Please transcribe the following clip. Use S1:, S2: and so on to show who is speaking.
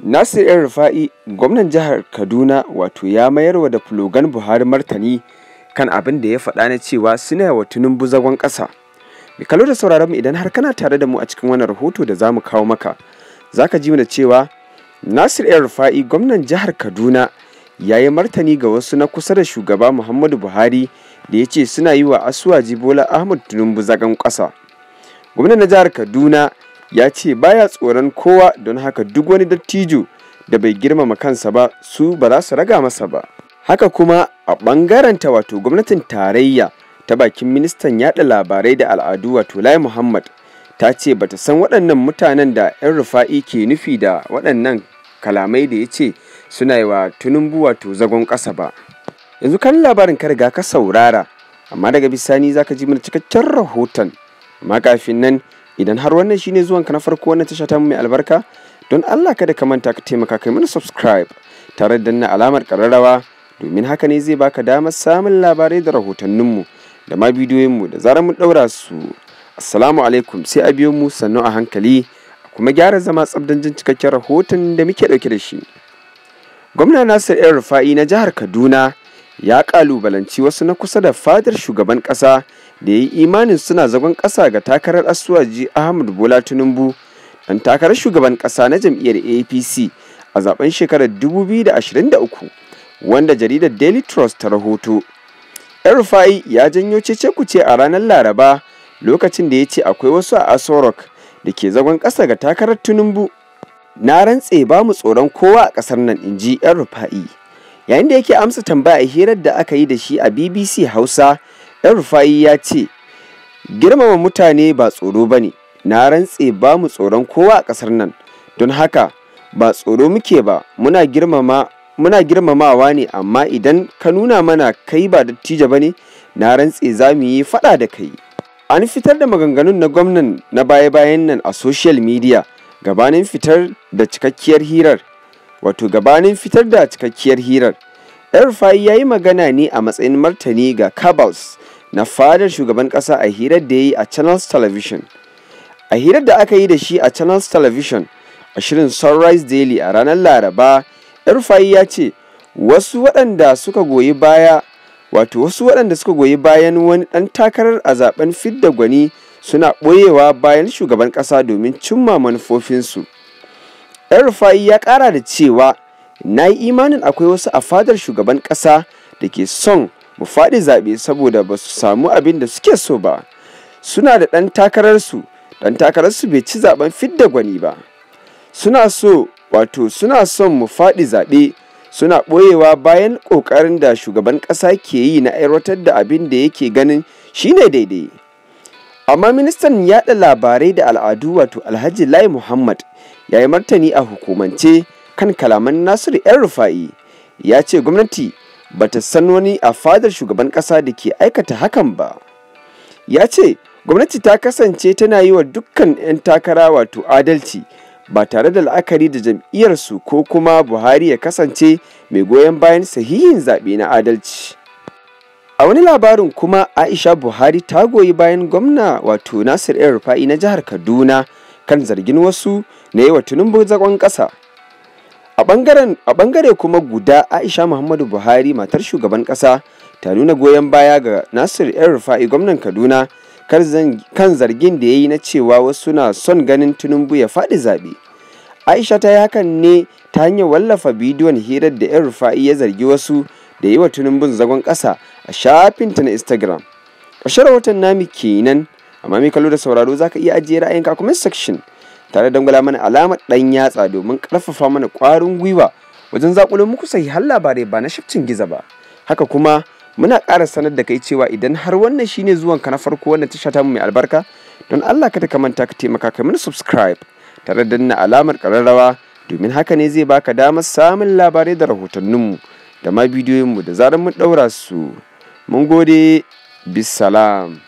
S1: Nasir ‘yan Rufa'i gwamnan jihar Kaduna wato ya mayar wa da fulogan Buhari martani kan abin da ya faɗa na cewa suna wa tunin zagon ƙasa. Mai kalo da sauraron idan har kana tare da mu a cikin wani rahoto da za mu kawo maka, za ka ji mana cewa Nasir ‘yan Rufa'i gwamnan jihar Kaduna ya yi martani ga wasu na kusa da shugaba Muhammadu Buhari da ya ce suna yi wa Asuwaji Bola Ahmad tunin zagon ƙasa. Gwamnan na jihar Kaduna ya ce baya tsoron kowa don haka duk wani dattijo da bai girmama kansa ba su ba za su raga masa ba haka kuma a ɓangaranta wato gwamnatin tarayya ta bakin ministan yada labarai da al'adu wato lai muhammad ta ce bata san waɗannan mutanen da 'yan rufa'i ke nufi da waɗannan kalamai da ya ce suna yi wa tunumbu wato zagon ƙasa ba yanzu kan labarin ka riga ka saurara amma daga bisani ka ji mana cikakken rahoton amma kafin nan idan har wannan shine zuwanka na farko wannan tasha ta mai albarka don Allah kada ka manta ka taimaka kai mana subscribe tare da danna alamar kararrawa domin haka ne zai baka damar samun labarai da rahotanninmu da ma mu da zarar mun daura su assalamu alaikum sai a biyo mu sannu a hankali a kuma gyara zama tsabdan jin cikakken rahoton da muke dauke da shi gwamna nasir yan rufa'i na jihar kaduna ya kalubalanci wasu na kusa da fadar shugaban kasa da ya yi imanin suna zagon ƙasa ga takarar asuwaji ahmad bola tinubu dan takarar shugaban ƙasa na jam'iyyar apc a zaben shekarar 2023 wanda jaridar daily trust ta rahoto rufai ya janyo cece kuce a ranar laraba lokacin da ya ce akwai wasu a asorok da ke zagon ƙasa ga takarar tinubu na rantse ba mu tsoron kowa a ƙasar nan in ji yan rufa'i yayin da yake amsa tambaya hirar da aka yi da shi a bbc hausa ɗan rufa'i ya ce girmama mutane ba tsoro ba ne na rantse ba mu tsoron kowa a ƙasar nan don haka ba tsoro muke ba muna girmama muna girmamawa ne amma idan ka nuna mana kai ba dattijo ba ne na rantse za mu yi faɗa da kai an fitar da maganganun na gwamnan na baya-bayan nan a social media gabanin fitar da cikakkiyar hirar wato gabanin fitar da cikakkiyar hirar Erfai ya yi magana ne a matsayin martani ga Kabals na fadar shugaban ƙasa a hirar da ya yi a Channels Television. A hirar da aka yi da shi a Channels Television a shirin Sunrise Daily a ranar Laraba, Erfai ya ce wasu waɗanda suka goyi baya wato wasu waɗanda suka goyi bayan wani ɗan takarar a zaben fidda gwani suna ɓoyewa bayan shugaban ƙasa domin cimma manufofinsu. Erfai ya ƙara da cewa na yi imanin akwai wasu a fadar shugaban ƙasa da ke son mu faɗi zaɓe saboda ba su samu abin da suke so ba suna da ɗan takararsu ɗan takararsu bai ci zaɓen fidda gwani ba suna so wato suna son mu faɗi zaɓe suna ɓoyewa bayan ƙoƙarin da shugaban ƙasa ke yi na aiwatar da abin da yake ganin shine daidai amma ministan yaɗa labarai da al'adu wato alhaji lai muhammad ya yi martani a hukumance kan kalaman nasiru yan rufa'i ya ce gwamnati bata san wani a fadar shugaban kasa da ke aikata hakan ba ya ce gwamnati ta kasance tana yi wa dukkan 'yan takara wato adalci ba tare da la'akari da jam'iyyarsu ko kuma buhari ya kasance mai goyon bayan sahihin zaɓe na adalci a wani labarin kuma aisha buhari ta goyi bayan gwamna wato nasir el rufa'i na jihar kaduna kan zargin wasu na yi wa tunumbu zagon ƙasa a bangare kuma guda aisha muhammadu buhari matar shugaban kasa ta nuna goyon baya ga nasir yan rufa'i gwamnan kaduna kan zargin da ya yi na cewa wasu na son ganin tinubu ya faɗi zaɓe aisha ta yi hakan ne ta hanyar wallafa bidiyon hirar da yan rufa'i ya zargi wasu da yi wa tunumbun zagon kasa a shafinta na instagram ƙarshen rahoton nami kenan amma mai kallo da sauraro za ka iya ajiye ra'ayinka a comment section tare da gwala mana alamar ɗan yatsa domin karfafa mana ƙwarin gwiwa wajen zakulo muku har labarai ba na shafcin giza ba haka kuma muna ƙara sanar da kai cewa idan har wannan shine zuwan ka na farko wannan tasha ta mu mai albarka don Allah ka ta kamanta ka taimaka ka mana subscribe tare da danna alamar ƙararrawa domin haka ne zai baka damar samun labarai da rahotannin mu da ma mu da zarar mun ɗaura su mun gode bisalam